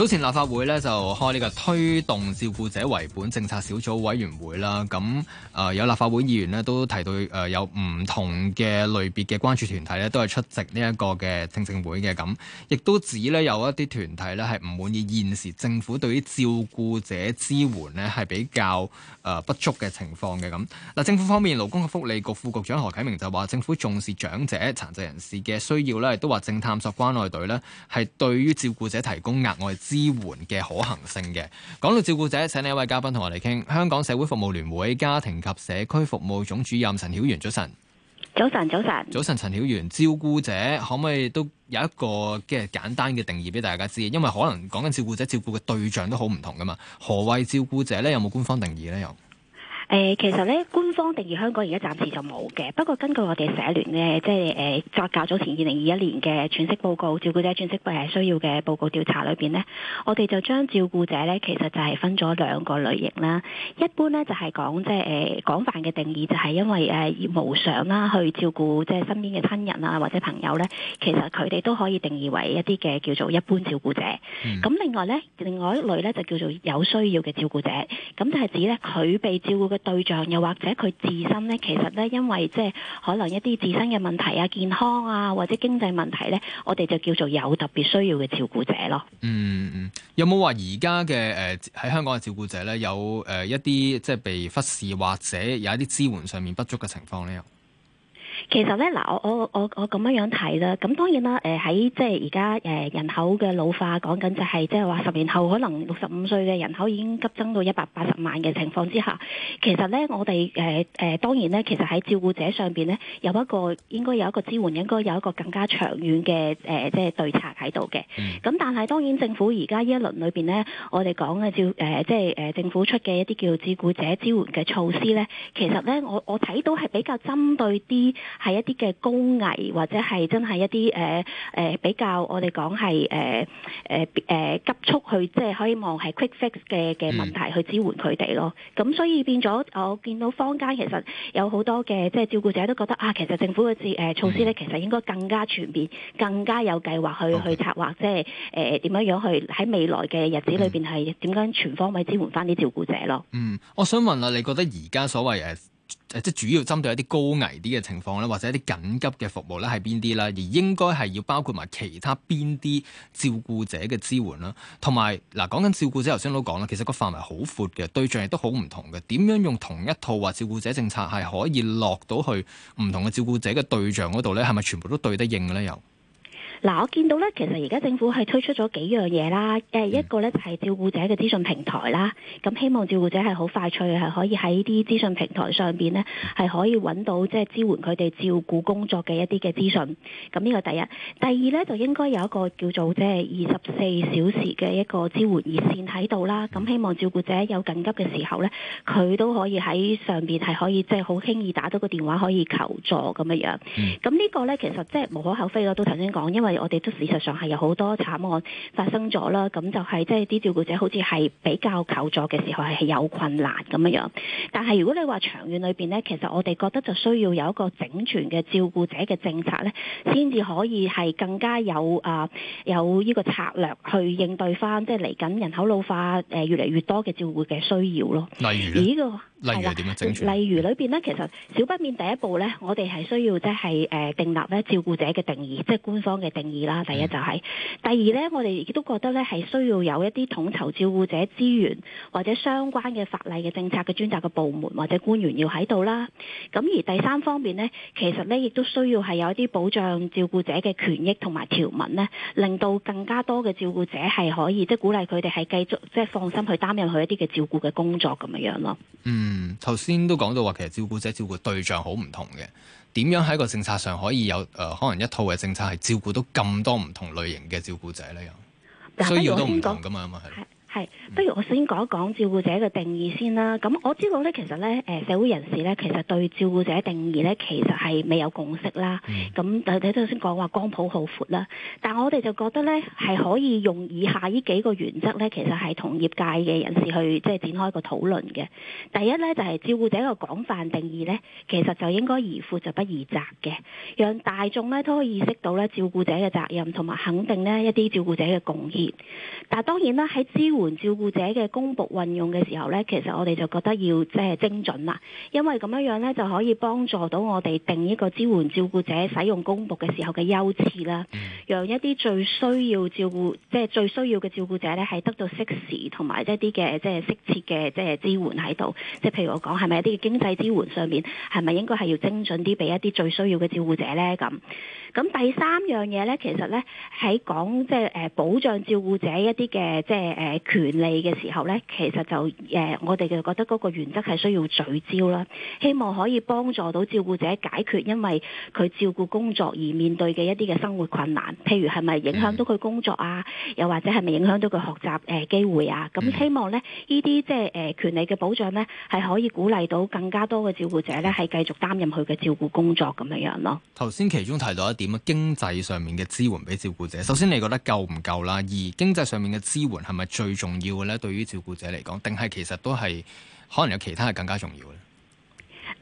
早前立法會咧就開呢個推動照顧者為本政策小組委員會啦，咁誒有立法會議員咧都提到誒有唔同嘅類別嘅關注團體咧都係出席呢一個嘅聽證會嘅，咁亦都指咧有一啲團體咧係唔滿意現時政府對於照顧者支援咧係比較誒不足嘅情況嘅。咁，嗱，政府方面，勞工福利局副局長何啟明就話，政府重視長者、殘疾人士嘅需要咧，亦都話正探索關愛隊呢係對於照顧者提供額外支援嘅可行性嘅。講到照顧者，請另一位嘉賓同我哋傾。香港社會服務聯會家庭及社區服務總主任陳曉園，早晨。早晨早晨，早晨。陳曉園，照顧者可唔可以都有一個即係簡單嘅定義俾大家知？因為可能講緊照顧者照顧嘅對象都好唔同噶嘛。何謂照顧者呢？有冇官方定義呢？又？其實咧，官方定義香港而家暫時就冇嘅。不過根據我哋社聯咧，即係誒，作較早前二零二一年嘅喘息報告，照顧者喘息不係需要嘅報告調查裏面呢，我哋就將照顧者呢其實就係分咗兩個類型啦。一般呢就係、是、講即係誒廣泛嘅定義，就係因為誒、呃、無償啦，去照顧即係身邊嘅親人啊或者朋友呢，其實佢哋都可以定義為一啲嘅叫做一般照顧者。咁、嗯、另外呢，另外一類呢就叫做有需要嘅照顧者，咁就係指呢，佢被照顧嘅。對象又或者佢自身呢，其實呢，因為即係可能一啲自身嘅問題啊、健康啊，或者經濟問題呢，我哋就叫做有特別需要嘅照顧者咯。嗯嗯，有冇話而家嘅誒喺香港嘅照顧者呢？有誒、呃、一啲即係被忽視或者有一啲支援上面不足嘅情況呢？其實咧，嗱，我我我我咁樣樣睇啦。咁當然啦，誒喺即係而家誒人口嘅老化、就係，講緊就係即係話十年後可能六十五歲嘅人口已經急增到一百八十萬嘅情況之下，其實咧我哋誒當然咧，其實喺照顧者上面咧有一個應該有一個支援，應該有一個更加長遠嘅即係對策喺度嘅。咁、嗯、但係當然政府而家呢一輪裏面咧，我哋講嘅照即係、呃就係、政府出嘅一啲叫做照顧者支援嘅措施咧，其實咧我我睇到係比較針對啲。係一啲嘅高危，或者係真係一啲誒、呃呃、比較我，我哋講係誒誒急速去，即係可以望係 quick fix 嘅嘅問題去支援佢哋咯。咁、嗯、所以變咗，我見到坊間其實有好多嘅，即係照顧者都覺得啊，其實政府嘅措施咧，其實應該更加全面、更加有計劃去、嗯、去策劃即，即係誒點樣樣去喺未來嘅日子裏面，係點樣全方位支援翻啲照顧者咯。嗯，我想問下你覺得而家所謂誒即係主要針對一啲高危啲嘅情況咧，或者一啲緊急嘅服務咧係邊啲啦？而應該係要包括埋其他邊啲照顧者嘅支援啦，同埋嗱講緊照顧者，頭先都講啦，其實個範圍好闊嘅，對象亦都好唔同嘅。點樣用同一套話照顧者政策係可以落到去唔同嘅照顧者嘅對象嗰度咧？係咪全部都對得應嘅咧？又？嗱、啊，我見到咧，其實而家政府係推出咗幾樣嘢啦、呃。一個咧就係、是、照顧者嘅資訊平台啦。咁希望照顧者係好快脆係可以喺啲資訊平台上邊呢，係可以揾到即係、就是、支援佢哋照顧工作嘅一啲嘅資訊。咁呢個第一。第二咧就應該有一個叫做即係二十四小時嘅一個支援熱線喺度啦。咁希望照顧者有緊急嘅時候呢，佢都可以喺上邊係可以即係好輕易打到個電話可以求助咁樣這樣。咁呢個呢，其實即係無可厚非咯。我都頭先講，因為我哋都事實上係有好多慘案發生咗啦，咁就係即係啲照顧者好似係比較求助嘅時候係係有困難咁樣樣。但係如果你話長遠裏邊咧，其實我哋覺得就需要有一個整全嘅照顧者嘅政策咧，先至可以係更加有啊有呢個策略去應對返，即係嚟緊人口老化誒越嚟越多嘅照顧嘅需要咯。例如咧。例如點樣整，例如裏邊咧，其實少不免第一步咧，我哋係需要即係誒訂立咧照顧者嘅定義，即係官方嘅定義啦。第一就係、是，嗯、第二咧，我哋亦都覺得咧係需要有一啲統籌照顧者資源或者相關嘅法例嘅政策嘅專責嘅部門或者官員要喺度啦。咁而第三方面咧，其實咧亦都需要係有一啲保障照顧者嘅權益同埋條文咧，令到更加多嘅照顧者係可以即係、就是、鼓勵佢哋係繼續即係、就是、放心去擔任佢一啲嘅照顧嘅工作咁樣樣咯。嗯。嗯，頭先都講到話，其實照顧者照顧對象好唔同嘅，點樣喺個政策上可以有誒、呃，可能一套嘅政策係照顧到咁多唔同類型嘅照顧者呢？又需要都唔同噶嘛，咁係，不如我先講一講照顧者嘅定義先啦。咁我知道咧，其實咧，社會人士咧，其實對照顧者定義咧，其實係未有共識啦。咁、嗯、你喺頭先講話光譜好闊啦，但我哋就覺得咧，係可以用以下呢幾個原則咧，其實係同業界嘅人士去即係、就是、展開個討論嘅。第一咧，就係、是、照顧者一個廣泛定義咧，其實就應該宜寬就不宜窄嘅，讓大眾咧都可以意識到咧照顧者嘅責任同埋肯定呢一啲照顧者嘅貢獻。但當然啦，喺資支援照顧者嘅公帑運用嘅時候咧，其實我哋就覺得要即係、就是、精準啦，因為咁樣樣咧就可以幫助到我哋定一個支援照顧者使用公帑嘅時候嘅優次啦，讓一啲最需要照顧即係、就是、最需要嘅照顧者咧，係得到適時同埋一啲嘅即係適切嘅即係支援喺度。即係譬如我講，係咪一啲經濟支援上面，係咪應該係要精準啲俾一啲最需要嘅照顧者咧？咁？咁第三樣嘢咧，其實咧喺講即係誒保障照顧者一啲嘅即係誒權利嘅時候咧，其實就誒我哋就覺得嗰個原則係需要聚焦啦，希望可以幫助到照顧者解決因為佢照顧工作而面對嘅一啲嘅生活困難，譬如係咪影響到佢工作啊，又或者係咪影響到佢學習誒機會啊？咁希望咧呢啲即係誒權利嘅保障咧，係可以鼓勵到更加多嘅照顧者咧，係繼續擔任佢嘅照顧工作咁樣樣咯。頭先其中提到一點經濟上面嘅支援俾照顧者？首先你覺得夠唔夠啦？而經濟上面嘅支援係咪最重要嘅呢？對於照顧者嚟講，定係其實都係可能有其他係更加重要咧？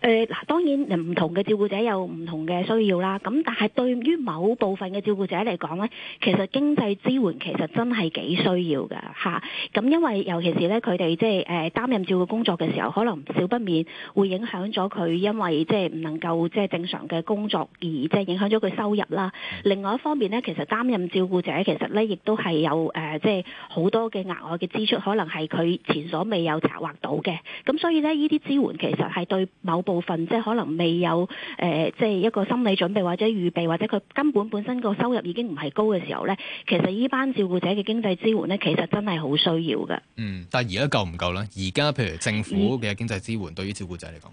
誒，嗱、呃，當然唔同嘅照顧者有唔同嘅需要啦。咁但係對於某部分嘅照顧者嚟講咧，其實經濟支援其實真係幾需要噶吓。咁、啊、因為尤其是咧，佢哋即係誒擔任照顧工作嘅時候，可能少不免會影響咗佢，因為即係唔能夠即係正常嘅工作而即係影響咗佢收入啦。另外一方面咧，其實擔任照顧者其實咧亦都係有誒即係好多嘅額外嘅支出，可能係佢前所未有策劃到嘅。咁所以呢，呢啲支援其實係對某。部分即係可能未有誒、呃，即係一個心理準備或者預備，或者佢根本本身個收入已經唔係高嘅時候咧，其實呢班照顧者嘅經濟支援咧，其實真係好需要嘅。嗯，但係而家夠唔夠咧？而家譬如政府嘅經濟支援對於照顧者嚟講？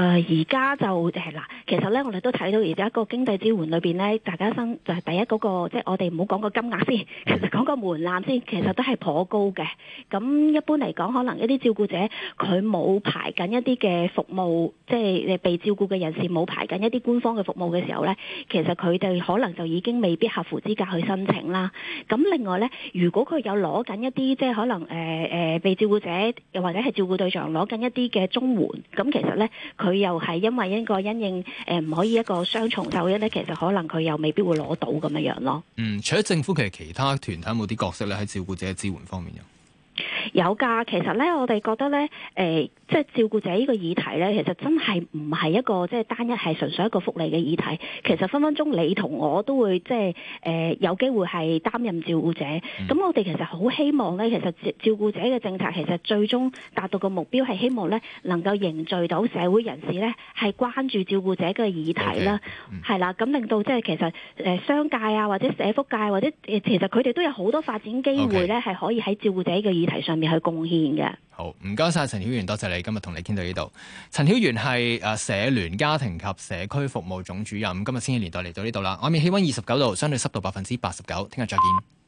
誒而家就嗱，其實咧我哋都睇到而家個經濟支援裏面咧，大家生就係第一嗰個，即係我哋唔好講個金額先，其實講個門檻先，其實都係頗高嘅。咁一般嚟講，可能一啲照顧者佢冇排緊一啲嘅服務，即係被照顧嘅人士冇排緊一啲官方嘅服務嘅時候咧，其實佢哋可能就已經未必合乎資格去申請啦。咁另外咧，如果佢有攞緊一啲即係可能誒、呃呃、被照顧者又或者係照顧對象攞緊一啲嘅綜援，咁其實咧佢。佢又係因為一個因應誒唔可以一個雙重受益咧，其實可能佢又未必會攞到咁樣樣咯。嗯，除咗政府，其實其他團體有冇啲角色咧喺照顧者支援方面有？有㗎，其實咧，我哋覺得咧，即、呃、係、就是、照顧者呢個議題咧，其實真係唔係一個即係、就是、單一係純粹一個福利嘅議題。其實分分鐘你同我都會即係、呃、有機會係擔任照顧者。咁、嗯、我哋其實好希望咧，其實照顧者嘅政策其實最終達到個目標係希望咧能夠凝聚到社會人士咧係關注照顧者嘅議題啦，係、okay, 嗯、啦，咁令到即、就、係、是、其實誒、呃、商界啊，或者社福界、啊、或者其實佢哋都有好多發展機會咧，係 Okay. 可以喺照顧者嘅議題上。嚟去貢獻嘅。好，唔該晒。陳曉園，多謝你今日同你傾到呢度。陳曉園係誒社聯家庭及社區服務總主任，今日星期年代嚟到呢度啦。外面氣温二十九度，相對濕度百分之八十九。聽日再見。